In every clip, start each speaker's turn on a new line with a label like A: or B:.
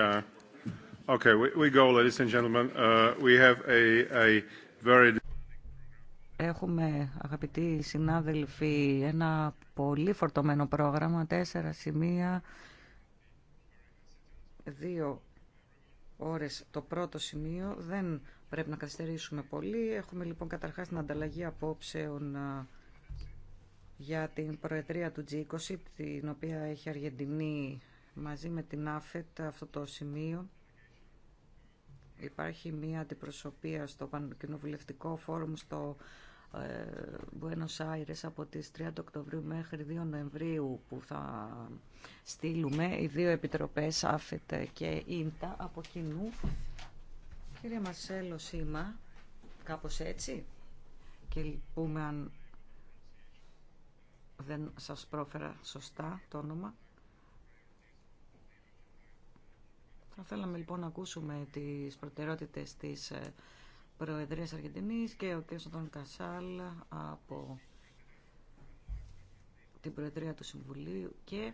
A: Uh, okay, we, go, ladies and gentlemen. Uh, we have a very...
B: Έχουμε, αγαπητοί συνάδελφοι, ένα πολύ φορτωμένο πρόγραμμα, τέσσερα σημεία, δύο ώρες το πρώτο σημείο. Δεν πρέπει να καθυστερήσουμε πολύ. Έχουμε λοιπόν καταρχάς την ανταλλαγή απόψεων για την Προεδρία του G20, την οποία έχει Αργεντινή μαζί με την ΑΦΕΤ αυτό το σημείο υπάρχει μία αντιπροσωπεία στο Κοινοβουλευτικό Φόρουμ στο ε, Buenos Aires από τις 30 Οκτωβρίου μέχρι 2 Νοεμβρίου που θα στείλουμε οι δύο επιτροπές ΑΦΕΤ και ΙΝΤΑ από κοινού. Κύριε Μαρσέλο Σίμα, κάπως έτσι και λυπούμε αν δεν σας πρόφερα σωστά το όνομα. Θα θέλαμε λοιπόν να ακούσουμε τις προτεραιότητες της ε, Προεδρίας Αργεντινής και ο κ. Αντών Κασάλ από την Προεδρία του Συμβουλίου και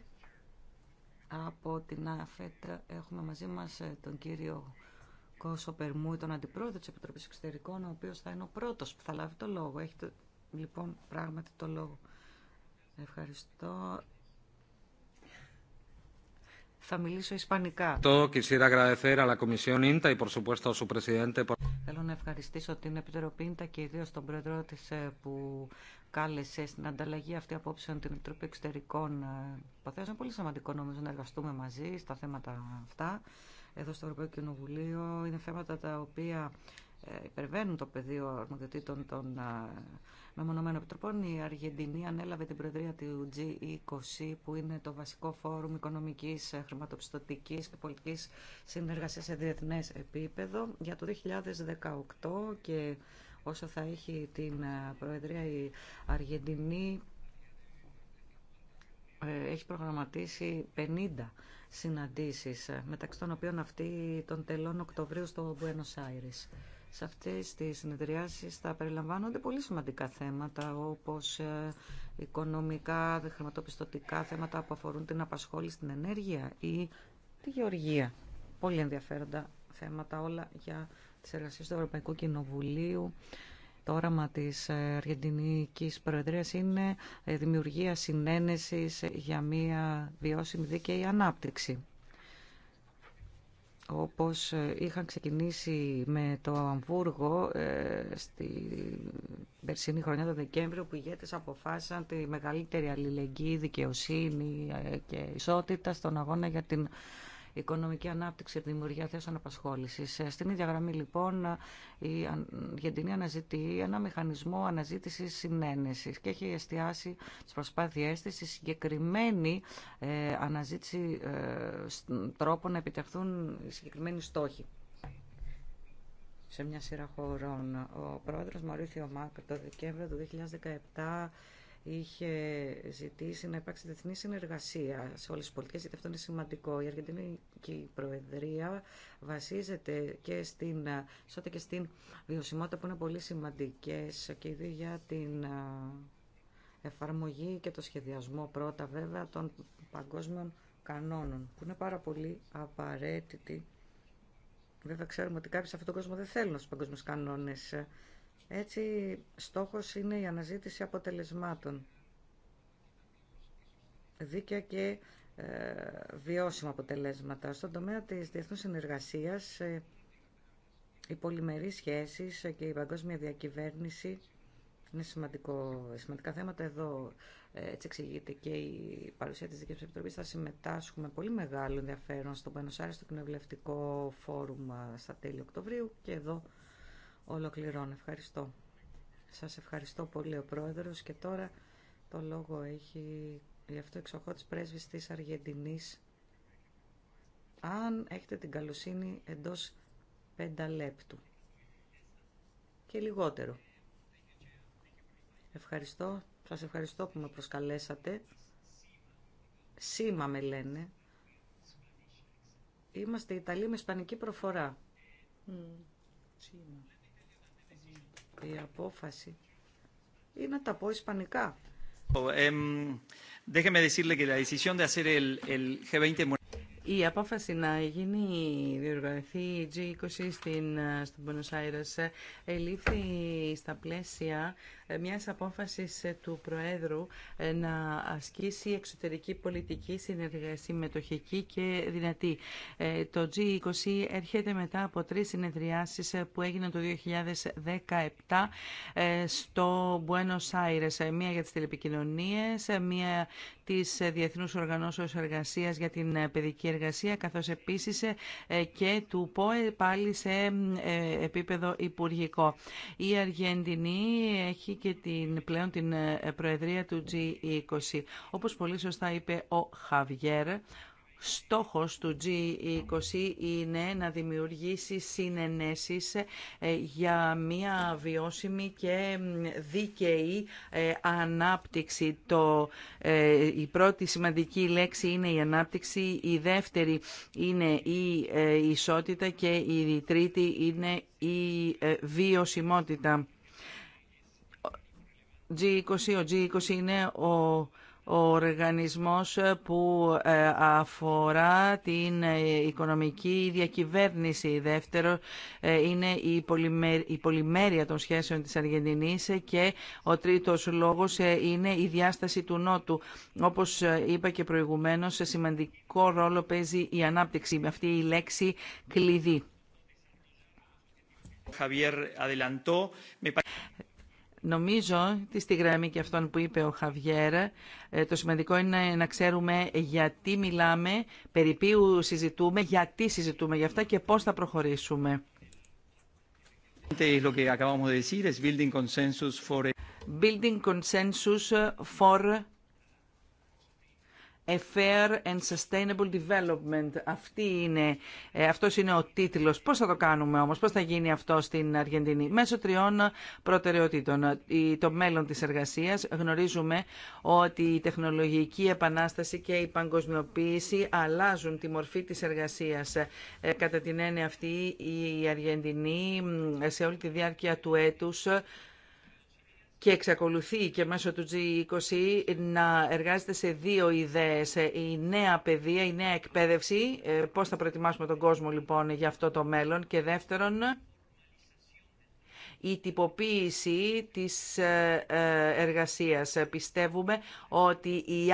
B: από την ΑΦΕΤ έχουμε μαζί μας ε, τον κύριο Κόσο Περμούη, τον Αντιπρόεδρο της Επιτροπής Εξωτερικών, ο οποίος θα είναι ο πρώτος που θα λάβει το λόγο. Έχετε λοιπόν πράγματι το λόγο. Ευχαριστώ. Θα μιλήσω ισπανικά. Θέλω να ευχαριστήσω την Επιτροπή Πιντα και ιδίω τον Πρόεδρό τη ε, που κάλεσε στην ανταλλαγή αυτή απόψεων την Επιτροπή Εξωτερικών Είναι πολύ σημαντικό νομίζω να εργαστούμε μαζί στα θέματα αυτά εδώ στο Ευρωπαϊκό Κοινοβουλίο. Είναι θέματα τα οποία υπερβαίνουν το πεδίο αρμοδιοτήτων των ε, μεμονωμένων επιτροπών. Η Αργεντινή ανέλαβε την προεδρία του G20, που είναι το βασικό φόρουμ οικονομική, ε, χρηματοπιστωτική και πολιτική συνεργασία σε διεθνέ επίπεδο για το 2018 και όσο θα έχει την ε, προεδρία η Αργεντινή έχει προγραμματίσει 50 συναντήσεις, μεταξύ των οποίων αυτή των τελών Οκτωβρίου στο Buenos Aires. Σε αυτές τις συνεδριάσεις θα περιλαμβάνονται πολύ σημαντικά θέματα όπως ε, οικονομικά, χρηματοπιστωτικά θέματα που αφορούν την απασχόληση στην ενέργεια ή τη γεωργία. Πολύ ενδιαφέροντα θέματα όλα για τις εργασίες του Ευρωπαϊκού Κοινοβουλίου. Το όραμα της Αργεντινικής Προεδρίας είναι ε, δημιουργία συνένεσης για μια βιώσιμη δίκαιη ανάπτυξη όπως είχαν ξεκινήσει με το Αμβούργο ε, στη περσινή χρονιά τον Δεκέμβριο που οι ηγέτες αποφάσισαν τη μεγαλύτερη αλληλεγγύη, δικαιοσύνη ε, και ισότητα στον αγώνα για την οικονομική ανάπτυξη, δημιουργία θέσεων απασχόληση. Ε, στην ίδια γραμμή, λοιπόν, η Αργεντινή αναζητεί ένα μηχανισμό αναζήτηση συνένεση και έχει εστιάσει τι προσπάθειέ τη στη συγκεκριμένη ε, αναζήτηση ε, τρόπων να επιτευχθούν συγκεκριμένοι στόχοι σε μια σειρά χωρών. Ο πρόεδρος Μαρίθιο Μάκ το Δεκέμβριο του 2017 είχε ζητήσει να υπάρξει διεθνή συνεργασία σε όλες τις πολιτικές, γιατί αυτό είναι σημαντικό. Η Αργεντινική Προεδρία βασίζεται και στην, και στην βιωσιμότητα που είναι πολύ σημαντικές και ήδη για την εφαρμογή και το σχεδιασμό πρώτα βέβαια των παγκόσμιων κανόνων, που είναι πάρα πολύ απαραίτητοι. Βέβαια ξέρουμε ότι κάποιοι σε αυτόν τον κόσμο δεν θέλουν τους παγκόσμιους κανόνες έτσι, στόχος είναι η αναζήτηση αποτελεσμάτων. Δίκαια και ε, βιώσιμα αποτελέσματα. Στον τομέα της διεθνούς συνεργασίας, ε, οι πολυμερείς σχέσεις ε, και η παγκόσμια διακυβέρνηση είναι σημαντικό, σημαντικά θέματα εδώ. Έτσι εξηγείται και η παρουσία της Δικής Επιτροπής. Θα συμμετάσχουμε πολύ μεγάλο ενδιαφέρον στο Πενοσάρι, στο Κοινοβουλευτικό Φόρουμ στα τέλη Οκτωβρίου και εδώ ολοκληρώνω. Ευχαριστώ. Σας ευχαριστώ πολύ ο Πρόεδρος και τώρα το λόγο έχει γι' αυτό εξοχώ της πρέσβης της Αργεντινής. Αν έχετε την καλοσύνη εντός λεπτού και λιγότερο. Ευχαριστώ. Σας ευχαριστώ που με προσκαλέσατε. Σήμα με λένε. Είμαστε Ιταλοί με ισπανική προφορά η απόφαση ή να τα πω ισπανικά.
A: Ε, η απόφαση να γίνει διοργανωθεί η G20 στην, στην Πονος Άιρες ελήφθη στα πλαίσια ε, μιας απόφασης ε, του Προέδρου ε, να ασκήσει εξωτερική πολιτική συμμετοχική και δυνατή. Το G20 έρχεται μετά από τρεις συνεδριάσεις που έγιναν το 2017 στο Buenos Aires. Μία για τις τηλεπικοινωνίες, μία της Διεθνούς Οργανώσεως Εργασίας για την Παιδική Εργασία, καθώς επίσης και του ΠΟΕ πάλι σε επίπεδο υπουργικό. Η Αργεντινή έχει και την, πλέον την ε, προεδρία του G20. Όπως πολύ σωστά είπε ο Χαβιέρ, στόχος του G20 είναι να δημιουργήσει συνενέσεις ε, για μια βιώσιμη και δίκαιη ε, ανάπτυξη. Το, η πρώτη σημαντική λέξη είναι η ανάπτυξη, η δεύτερη είναι η ισότητα και η τρίτη είναι η βιωσιμότητα. G20. Ο G20 είναι ο ο οργανισμός που ε, αφορά την ε, οικονομική διακυβέρνηση. Δεύτερο ε, είναι η πολυμέρεια των σχέσεων της Αργεντινής και ο τρίτος λόγος είναι η διάσταση του Νότου. Όπως είπα και προηγουμένως, σε σημαντικό ρόλο παίζει η ανάπτυξη με αυτή η λέξη κλειδί. Νομίζω ότι στη γραμμή και αυτών που είπε ο Χαβιέρα, ε, το σημαντικό είναι να ξέρουμε γιατί μιλάμε, περί ποιου συζητούμε, γιατί συζητούμε γι' αυτά και πώς θα προχωρήσουμε. Building consensus for A fair and sustainable development. Αυτή είναι, ε, αυτός είναι ο τίτλος. Πώς θα το κάνουμε όμως, πώς θα γίνει αυτό στην Αργεντινή. Μέσω τριών προτεραιοτήτων. Το μέλλον της εργασίας. Γνωρίζουμε ότι η τεχνολογική επανάσταση και η παγκοσμιοποίηση αλλάζουν τη μορφή της εργασίας. Ε, κατά την έννοια αυτή η Αργεντινή σε όλη τη διάρκεια του έτους και εξακολουθεί και μέσω του G20 να εργάζεται σε δύο ιδέες. Η νέα παιδεία, η νέα εκπαίδευση, ε, πώς θα προετοιμάσουμε τον κόσμο λοιπόν για αυτό το μέλλον και δεύτερον η τυποποίηση της ε, ε, εργασίας. Πιστεύουμε ότι η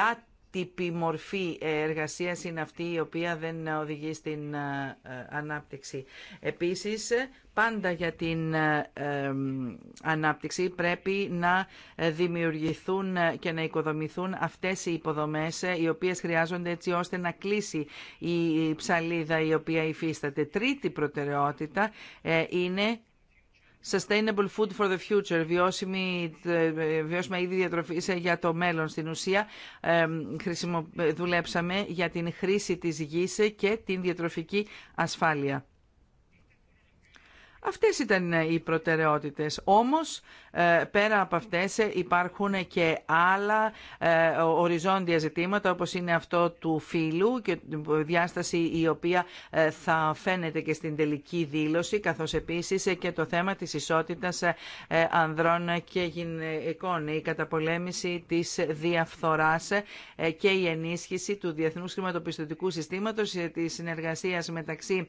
A: τύπη μορφή εργασίας είναι αυτή η οποία δεν οδηγεί στην ε, ε, ανάπτυξη. Επίσης, πάντα για την ε, ανάπτυξη πρέπει να δημιουργηθούν και να οικοδομηθούν αυτές οι υποδομές οι οποίες χρειάζονται έτσι ώστε να κλείσει η ψαλίδα η οποία υφίσταται. Τρίτη προτεραιότητα είναι Sustainable Food for the Future, βιώσιμη, ε, ε, βιώσιμα είδη διατροφής για το μέλλον. Στην ουσία ε, δουλέψαμε για την χρήση της γης και την διατροφική ασφάλεια. Αυτές ήταν ε, οι προτεραιότητες. Όμως, ε, πέρα από αυτές ε, υπάρχουν και άλλα οριζόντια ζητήματα, όπως είναι αυτό του φίλου και διάσταση η οποία θα φαίνεται και στην τελική δήλωση, καθώς επίσης και το θέμα της ισότητας ανδρών και γυναικών, η καταπολέμηση της διαφθοράς και η ενίσχυση του διεθνούς χρηματοπιστωτικού συστήματος, της συνεργασίας μεταξύ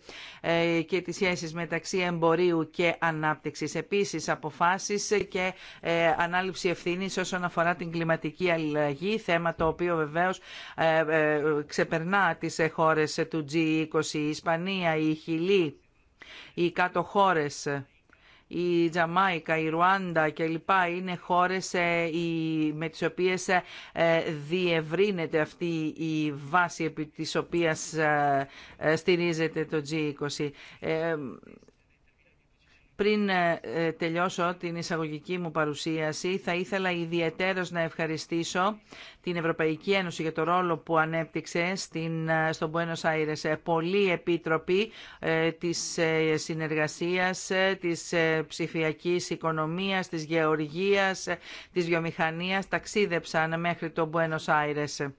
A: και της σχέσης μεταξύ εμπορίων, εμπορίου και ανάπτυξης. Επίσης, αποφάσεις και ε, ανάληψη ευθύνης όσον αφορά την κλιματική αλλαγή, θέμα το οποίο βεβαίως ε, ε, ξεπερνά τις χώρες του G20, η Ισπανία, η Χιλή, οι κάτω χώρες η Τζαμάικα, η Ρουάντα και κλπ. είναι χώρες με τις οποίες διευρύνεται αυτή η βάση επί της οποίας στηρίζεται το G20. Πριν ε, ε, τελειώσω την εισαγωγική μου παρουσίαση, θα ήθελα ιδιαίτερος να ευχαριστήσω την Ευρωπαϊκή Ένωση για το ρόλο που ανέπτυξε στην, ε, στον Buenos Aires. Πολλοί επίτροποι της συνεργασίας, της ψηφιακής οικονομίας, της γεωργίας, της βιομηχανίας ταξίδεψαν μέχρι τον Buenos Aires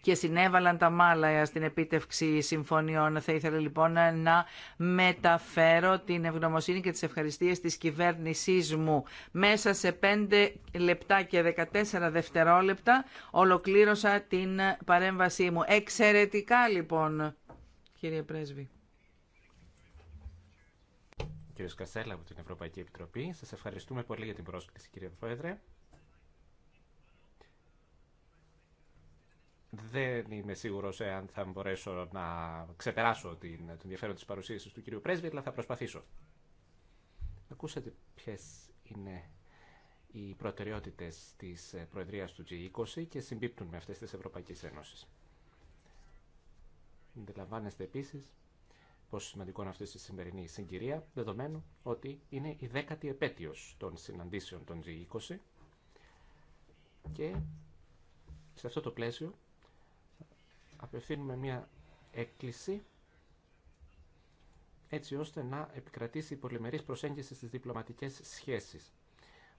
A: και συνέβαλαν τα μάλα στην επίτευξη συμφωνιών. Θα ήθελα λοιπόν να μεταφέρω την ευγνωμοσύνη και τις ευχαριστίες της κυβέρνησής μου. Μέσα σε 5 λεπτά και 14 δευτερόλεπτα ολοκλήρωσα την παρέμβασή μου. Εξαιρετικά λοιπόν, κύριε Πρέσβη.
C: Κύριε Σκασέλα από την Ευρωπαϊκή Επιτροπή, σας ευχαριστούμε πολύ για την πρόσκληση κύριε Πρόεδρε. δεν είμαι σίγουρο εάν θα μπορέσω να ξεπεράσω την, τον ενδιαφέρον τη παρουσίαση του κυρίου Πρέσβη, αλλά θα προσπαθήσω. Ακούσατε ποιε είναι οι προτεραιότητε τη ε, Προεδρία του G20 και συμπίπτουν με αυτέ τη Ευρωπαϊκή Ένωση. Αντιλαμβάνεστε επίση πόσο σημαντικό είναι αυτή η σημερινή συγκυρία, δεδομένου ότι είναι η δέκατη επέτειο των συναντήσεων των G20 και σε αυτό το πλαίσιο απευθύνουμε μια έκκληση έτσι ώστε να επικρατήσει η πολυμερής προσέγγιση στις διπλωματικές σχέσεις.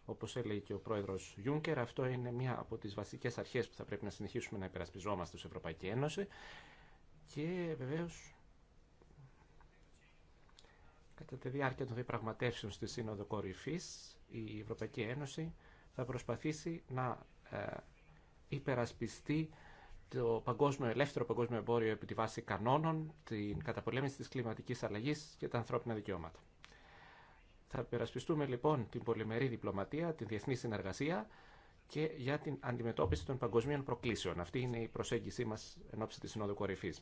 C: Όπως έλεγε και ο πρόεδρος Γιούνκερ, αυτό είναι μία από τις βασικές αρχές που θα πρέπει να συνεχίσουμε να υπερασπιζόμαστε ως Ευρωπαϊκή Ένωση και βεβαίως κατά τη διάρκεια των διαπραγματεύσεων στη Σύνοδο Κορυφής η Ευρωπαϊκή Ένωση θα προσπαθήσει να ε, υπερασπιστεί το παγκόσμιο, ελεύθερο παγκόσμιο εμπόριο επί τη βάση κανόνων, την καταπολέμηση της κλιματικής αλλαγής και τα ανθρώπινα δικαιώματα. Θα περασπιστούμε λοιπόν την πολυμερή διπλωματία, την διεθνή συνεργασία και για την αντιμετώπιση των παγκοσμίων προκλήσεων. Αυτή είναι η προσέγγιση μας ώψη της Συνόδου Κορυφής.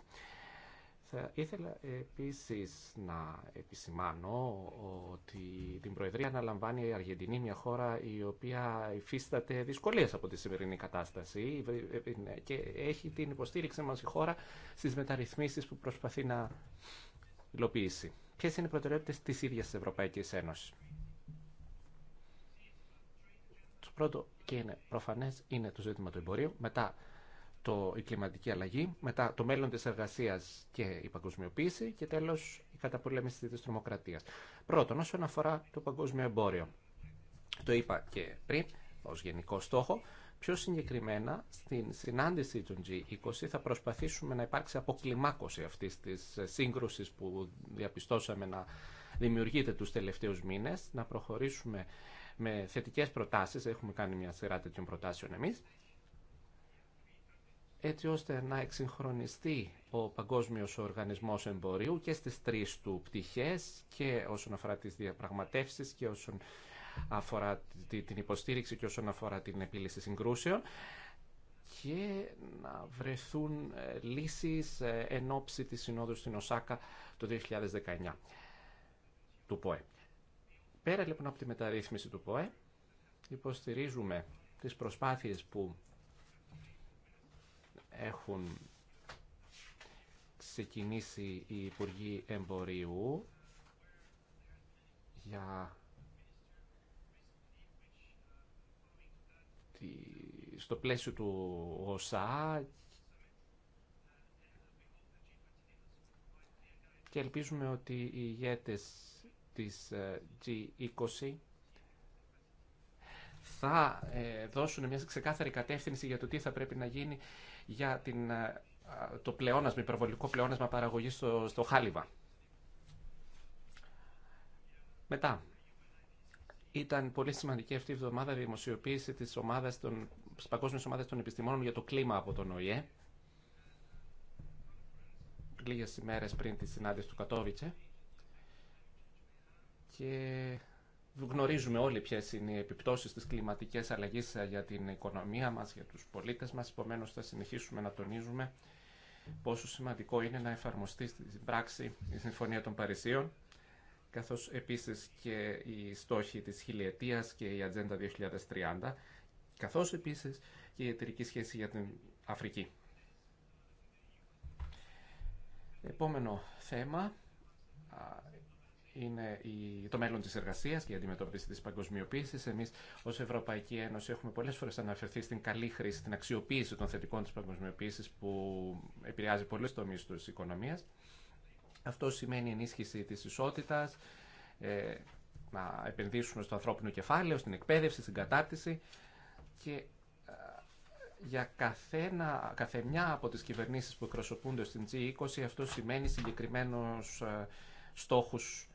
C: Θα ήθελα επίσης να επισημάνω ότι την Προεδρία αναλαμβάνει η Αργεντινή, μια χώρα η οποία υφίσταται δυσκολίες από τη σημερινή κατάσταση και έχει την υποστήριξη μας η χώρα στις μεταρρυθμίσεις που προσπαθεί να υλοποιήσει. Ποιε είναι οι προτεραιότητες της ίδιας της Ευρωπαϊκής Ένωσης. Το πρώτο και είναι προφανές είναι το ζήτημα του εμπορίου. Μετά το, η κλιματική αλλαγή, μετά το μέλλον της εργασίας και η παγκοσμιοποίηση και τέλος η καταπολέμηση της τρομοκρατίας. Πρώτον, όσον αφορά το παγκόσμιο εμπόριο. Το είπα και πριν, ως γενικό στόχο, πιο συγκεκριμένα στην συνάντηση των G20 θα προσπαθήσουμε να υπάρξει αποκλιμάκωση αυτής της σύγκρουσης που διαπιστώσαμε να δημιουργείται τους τελευταίους μήνες, να προχωρήσουμε με θετικές προτάσεις, έχουμε κάνει μια σειρά τέτοιων προτάσεων εμείς, έτσι ώστε να εξυγχρονιστεί ο Παγκόσμιος Οργανισμός Εμπορίου και στις τρεις του πτυχές και όσον αφορά τις διαπραγματεύσεις και όσον αφορά την υποστήριξη και όσον αφορά την επίλυση συγκρούσεων και να βρεθούν ε, λύσεις ε, εν ώψη της Συνόδου στην Οσάκα το 2019 του ΠΟΕ. Πέρα λοιπόν από τη μεταρρύθμιση του ΠΟΕ, υποστηρίζουμε τις προσπάθειες που έχουν ξεκινήσει οι Υπουργοί Εμπορίου για στο πλαίσιο του ΟΣΑ και ελπίζουμε ότι οι ηγέτες της ε, G20 θα ε, δώσουν μια ξεκάθαρη κατεύθυνση για το τι θα πρέπει να γίνει για την, ε, το πλεόνασμα, υπερβολικό πλεόνασμα παραγωγή στο, χάλιβα. Μετά, ήταν πολύ σημαντική αυτή η εβδομάδα η δημοσιοποίηση της, ομάδας ομάδα των Επιστημόνων για το κλίμα από τον ΟΗΕ, Λίγε ημέρε πριν τη συνάντηση του Κατόβιτσε. Και Γνωρίζουμε όλοι ποιε είναι οι επιπτώσει τη κλιματική αλλαγή ε, για την οικονομία μα, για του πολίτε μα. Επομένω, θα συνεχίσουμε να τονίζουμε πόσο σημαντικό είναι να εφαρμοστεί στην πράξη η Συμφωνία των Παρισίων, καθώ επίση και οι στόχοι τη χιλιετία και η Ατζέντα 2030, καθώ επίση και η εταιρική σχέση για την Αφρική. Επόμενο θέμα είναι το μέλλον της εργασίας και η αντιμετώπιση της παγκοσμιοποίησης. Εμείς ως Ευρωπαϊκή Ένωση έχουμε πολλές φορές αναφερθεί στην καλή χρήση, την αξιοποίηση των θετικών της παγκοσμιοποίησης που επηρεάζει πολλές τομείς της οικονομίας. Αυτό σημαίνει ενίσχυση της ισότητας, ε, να επενδύσουμε στο ανθρώπινο κεφάλαιο, στην εκπαίδευση, στην κατάρτιση και για καθένα, καθεμιά από τις κυβερνήσεις που εκπροσωπούνται στην G20 αυτό σημαίνει συγκεκριμένους ε, στόχους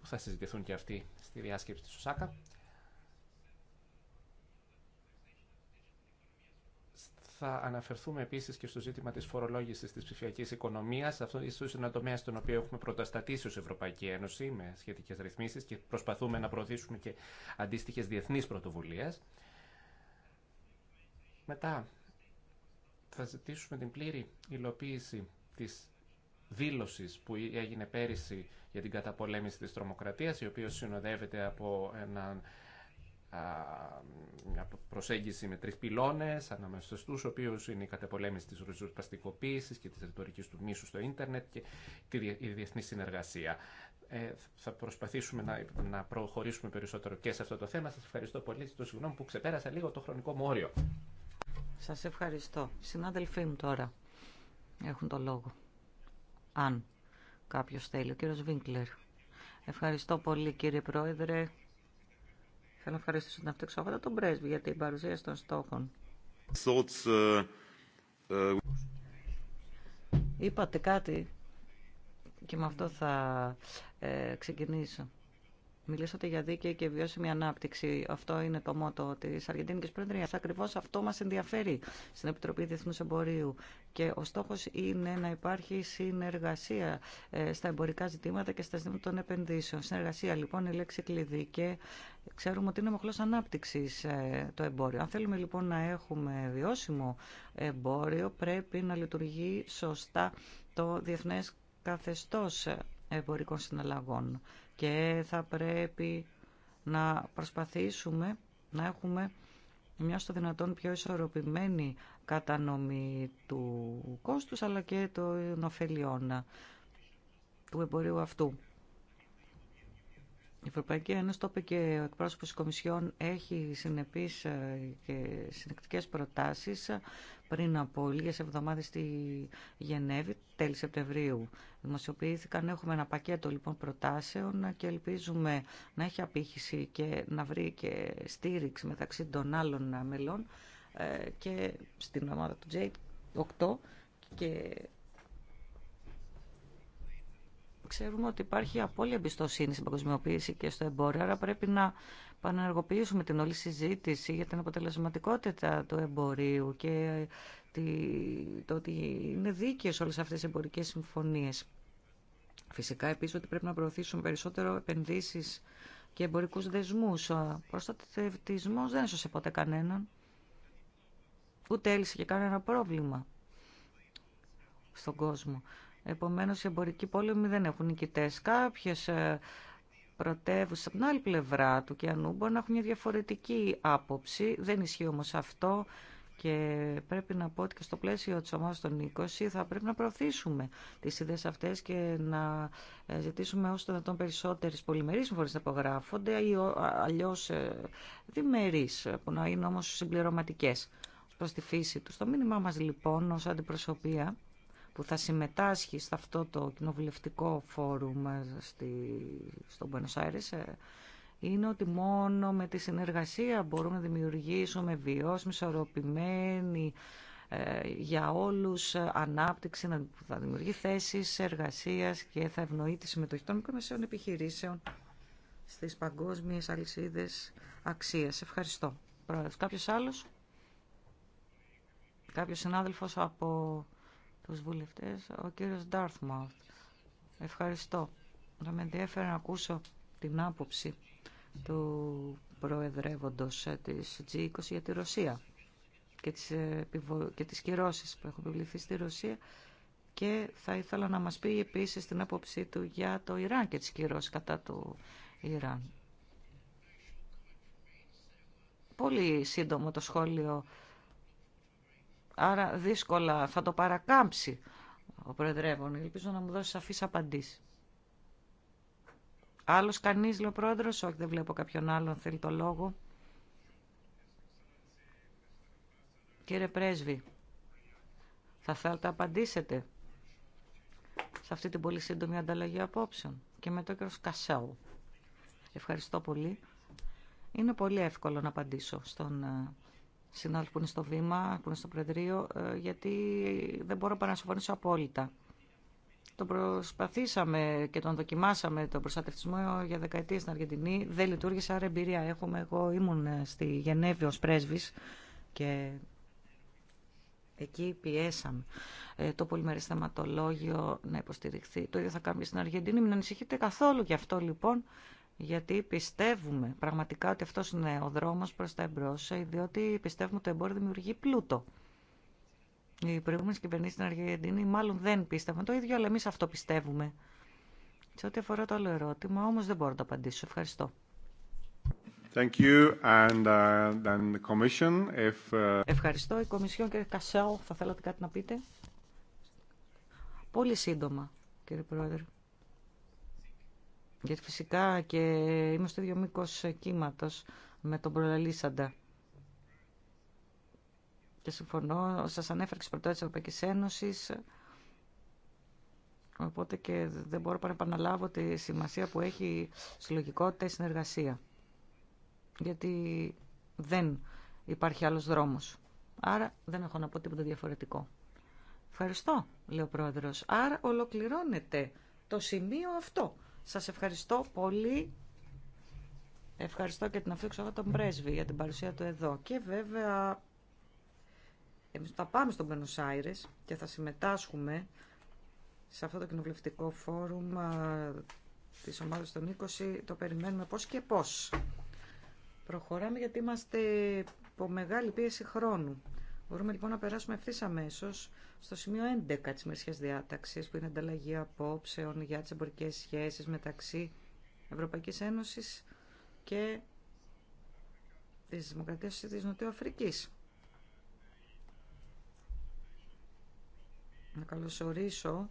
C: που θα συζητηθούν και αυτοί στη διάσκεψη της ΟΣΑΚΑ. Θα αναφερθούμε επίσης και στο ζήτημα της φορολόγησης της ψηφιακής οικονομίας. Αυτό είναι ένα τομέα στον οποίο έχουμε πρωταστατήσει ως Ευρωπαϊκή Ένωση με σχετικές ρυθμίσεις και προσπαθούμε να προωθήσουμε και αντίστοιχες διεθνείς πρωτοβουλίες. Μετά θα ζητήσουμε την πλήρη υλοποίηση της που έγινε πέρυσι για την καταπολέμηση της τρομοκρατίας, η οποία συνοδεύεται από μια προσέγγιση με τρεις πυλώνες ανάμεσα στους οποίους είναι η καταπολέμηση της ρουζουρπαστικοποίησης και της ρητορικής του μίσου στο ίντερνετ και η διεθνή συνεργασία. Ε, θα προσπαθήσουμε να, να προχωρήσουμε περισσότερο και σε αυτό το θέμα. Σας ευχαριστώ πολύ. Το συγγνώμη που ξεπέρασα λίγο το χρονικό μου όριο. Σας ευχαριστώ. Συνάδελφοί μου τώρα έχουν το
B: λόγο αν κάποιος θέλει. Ο κύριος Βίνκλερ. Ευχαριστώ πολύ κύριε Πρόεδρε. Θέλω να ευχαριστήσω την αυτοξόφατα τον Πρέσβη για την παρουσία των στόχων.
A: Ε, ε,
B: Είπατε κάτι και με αυτό θα ε, ξεκινήσω. Μιλήσατε για δίκαιη και βιώσιμη ανάπτυξη. Αυτό είναι το μότο τη Αργεντίνικη Προεδρία. Ακριβώ αυτό μα ενδιαφέρει στην Επιτροπή Διεθνού Εμπορίου. Και ο στόχο είναι να υπάρχει συνεργασία ε, στα εμπορικά ζητήματα και στα ζητήματα των επενδύσεων. Συνεργασία λοιπόν είναι η λέξη κλειδί και ξέρουμε ότι είναι μοχλό ανάπτυξη ε, το εμπόριο. Αν θέλουμε λοιπόν να έχουμε βιώσιμο εμπόριο, πρέπει να λειτουργεί σωστά το διεθνέ καθεστώ εμπορικών συναλλαγών και θα πρέπει να προσπαθήσουμε να έχουμε μια στο δυνατόν πιο ισορροπημένη κατανομή του κόστους αλλά και των ωφελιών του εμπορίου αυτού. Η Ευρωπαϊκή Ένωση, το είπε και ο εκπρόσωπος της Κομισιόν, έχει συνεπείς και συνεκτικές προτάσεις πριν από λίγες εβδομάδες στη Γενέβη, τέλη Σεπτεμβρίου. Δημοσιοποιήθηκαν, έχουμε ένα πακέτο λοιπόν προτάσεων και ελπίζουμε να έχει απήχηση και να βρει και στήριξη μεταξύ των άλλων μελών ε, και στην ομάδα του Τζέιτ 8 και Ξέρουμε ότι υπάρχει απόλυτη εμπιστοσύνη στην παγκοσμιοποίηση και στο εμπόριο, άρα πρέπει να πανεργοποιήσουμε την όλη συζήτηση για την αποτελεσματικότητα του εμπορίου και το ότι είναι δίκαιες όλες αυτές οι εμπορικές συμφωνίες. Φυσικά επίσης ότι πρέπει να προωθήσουμε περισσότερο επενδύσεις και εμπορικούς δεσμούς. Ο προστατευτισμός δεν έσωσε ποτέ κανέναν. Ούτε έλυσε και κανένα πρόβλημα στον κόσμο. Επομένω, οι εμπορικοί πόλεμοι δεν έχουν νικητέ. Κάποιε πρωτεύουσε από την άλλη πλευρά του ανού μπορεί να έχουν μια διαφορετική άποψη. Δεν ισχύει όμω αυτό και πρέπει να πω ότι και στο πλαίσιο τη ομάδα των 20 θα πρέπει να προωθήσουμε τι ιδέε αυτέ και να ε, ζητήσουμε όσο το δυνατόν περισσότερε πολυμερει φορέ να απογράφονται ή αλλιώ ε, διμερεί, που να είναι όμω συμπληρωματικέ προ τη φύση του. Το μήνυμά μας λοιπόν ω αντιπροσωπεία που θα συμμετάσχει σε αυτό το κοινοβουλευτικό φόρουμ ε, στη, στο Buenos Aires ε, είναι ότι μόνο με τη συνεργασία μπορούμε να δημιουργήσουμε βιώσιμη, ισορροπημένη ε, για όλους ανάπτυξη που θα δημιουργεί θέσεις εργασίας και θα ευνοεί τη συμμετοχή των μικρομεσαίων επιχειρήσεων στις παγκόσμιες αλυσίδες αξίας. Ευχαριστώ. Πρόεδρε, Κάποιος άλλος? Κάποιος συνάδελφος από τους βουλευτές, ο κύριος Darthmouth. Ευχαριστώ. Θα με ενδιαφέρει να ακούσω την άποψη του προεδρεύοντος ε, της G20 για τη Ρωσία και τις, ε, και τις κυρώσεις που έχουν επιβληθεί στη Ρωσία και θα ήθελα να μας πει επίσης την άποψή του για το Ιράν και τις κυρώσεις κατά του Ιράν. Πολύ σύντομο το σχόλιο Άρα δύσκολα θα το παρακάμψει ο Προεδρεύων. Ελπίζω να μου δώσει σαφείς απαντήσεις. Άλλος κανείς, λέει ο Πρόεδρος. Όχι, δεν βλέπω κάποιον άλλον θέλει το λόγο. Κύριε Πρέσβη, θα θέλετε να απαντήσετε σε αυτή την πολύ σύντομη ανταλλαγή απόψεων. Και με ο κύριο Κασέλ. Ευχαριστώ πολύ. Είναι πολύ εύκολο να απαντήσω στον ε, συνάδελφοι που είναι στο βήμα, που είναι στο Προεδρείο, ε, γιατί δεν μπορώ παρά να συμφωνήσω απόλυτα. Το προσπαθήσαμε και τον δοκιμάσαμε τον προστατευτισμό για δεκαετίες στην Αργεντινή. Δεν λειτουργήσε, άρα εμπειρία έχουμε. Εγώ ήμουν στη Γενέβη ως πρέσβης και εκεί πιέσαμε ε, το πολυμερές θεματολόγιο να υποστηριχθεί. Το ίδιο θα κάνουμε στην Αργεντινή. Μην ανησυχείτε καθόλου γι' αυτό λοιπόν γιατί πιστεύουμε πραγματικά ότι αυτός είναι ο δρόμος προς τα εμπρός, διότι πιστεύουμε ότι το εμπόριο δημιουργεί πλούτο. Οι προηγούμενε κυβερνήσει στην Αργεντινή μάλλον δεν πίστευαν το ίδιο, αλλά εμεί αυτό πιστεύουμε. Σε ό,τι αφορά το άλλο ερώτημα, όμω δεν μπορώ να το απαντήσω. Ευχαριστώ.
C: Thank you. And, uh, then the commission,
B: if, uh, Ευχαριστώ. Η Κομισιόν, κύριε Κασέλ, θα θέλατε κάτι να πείτε. Πολύ σύντομα, κύριε Πρόεδρε. Γιατί φυσικά και είμαστε στο ίδιο μήκο κύματο με τον προλαλήσαντα. Και συμφωνώ, σας ανέφερε και στις της Ευρωπαϊκής Ένωσης, οπότε και δεν μπορώ να επαναλάβω τη σημασία που έχει συλλογικότητα η συνεργασία. Γιατί δεν υπάρχει άλλος δρόμος. Άρα δεν έχω να πω τίποτα διαφορετικό. Ευχαριστώ, λέει ο Πρόεδρος. Άρα ολοκληρώνεται το σημείο αυτό. Σας ευχαριστώ πολύ. Ευχαριστώ και την αφήξω τον πρέσβη για την παρουσία του εδώ. Και βέβαια, εμείς θα πάμε στον Πενοσάιρες και θα συμμετάσχουμε σε αυτό το κοινοβουλευτικό φόρουμ της ομάδας των 20. Το περιμένουμε πώς και πώς. Προχωράμε γιατί είμαστε υπό μεγάλη πίεση χρόνου. Μπορούμε λοιπόν να περάσουμε ευθύ αμέσω στο σημείο 11 τη μερσιά διάταξη, που είναι ανταλλαγή απόψεων για τι εμπορικέ σχέσει μεταξύ Ευρωπαϊκή Ένωση και τη Δημοκρατία τη Νοτιοαφρική. Να καλωσορίσω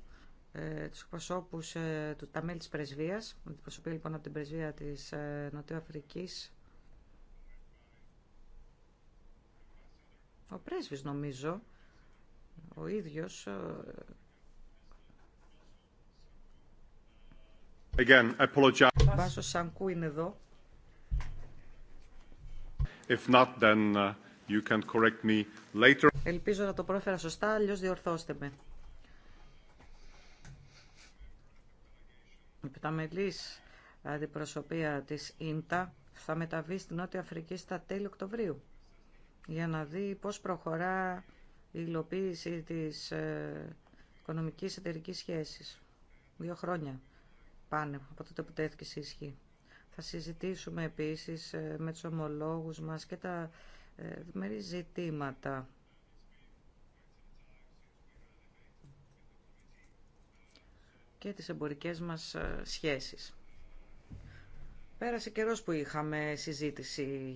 B: ε, τους εκπροσώπους ε, του, τα της πρεσβείας, την προσωπή λοιπόν από την πρεσβεία της ε, Νοτιοαφρικής Ο πρέσβης νομίζω, ο ίδιος... Ε,
C: Again, I apologize.
B: Σανκού είναι εδώ.
C: If not, then uh, you
B: can
A: correct me later.
B: Ελπίζω να το πρόφερα σωστά, αλλιώ διορθώστε με. Η πταμελής αντιπροσωπεία της ΙΝΤΑ θα μεταβεί στην Νότια Αφρική στα τέλη Οκτωβρίου για να δει πώς προχωρά η υλοποίηση της ε, οικονομικής εταιρικής σχέσης. Δύο χρόνια πάνε από τότε που τέθηκε σε Θα συζητήσουμε επίσης ε, με τους ομολόγους μας και τα ε, μερή ζητήματα. και τις εμπορικές μας σχέσεις. Πέρασε καιρός που είχαμε συζήτηση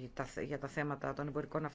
B: για τα θέματα των εμπορικών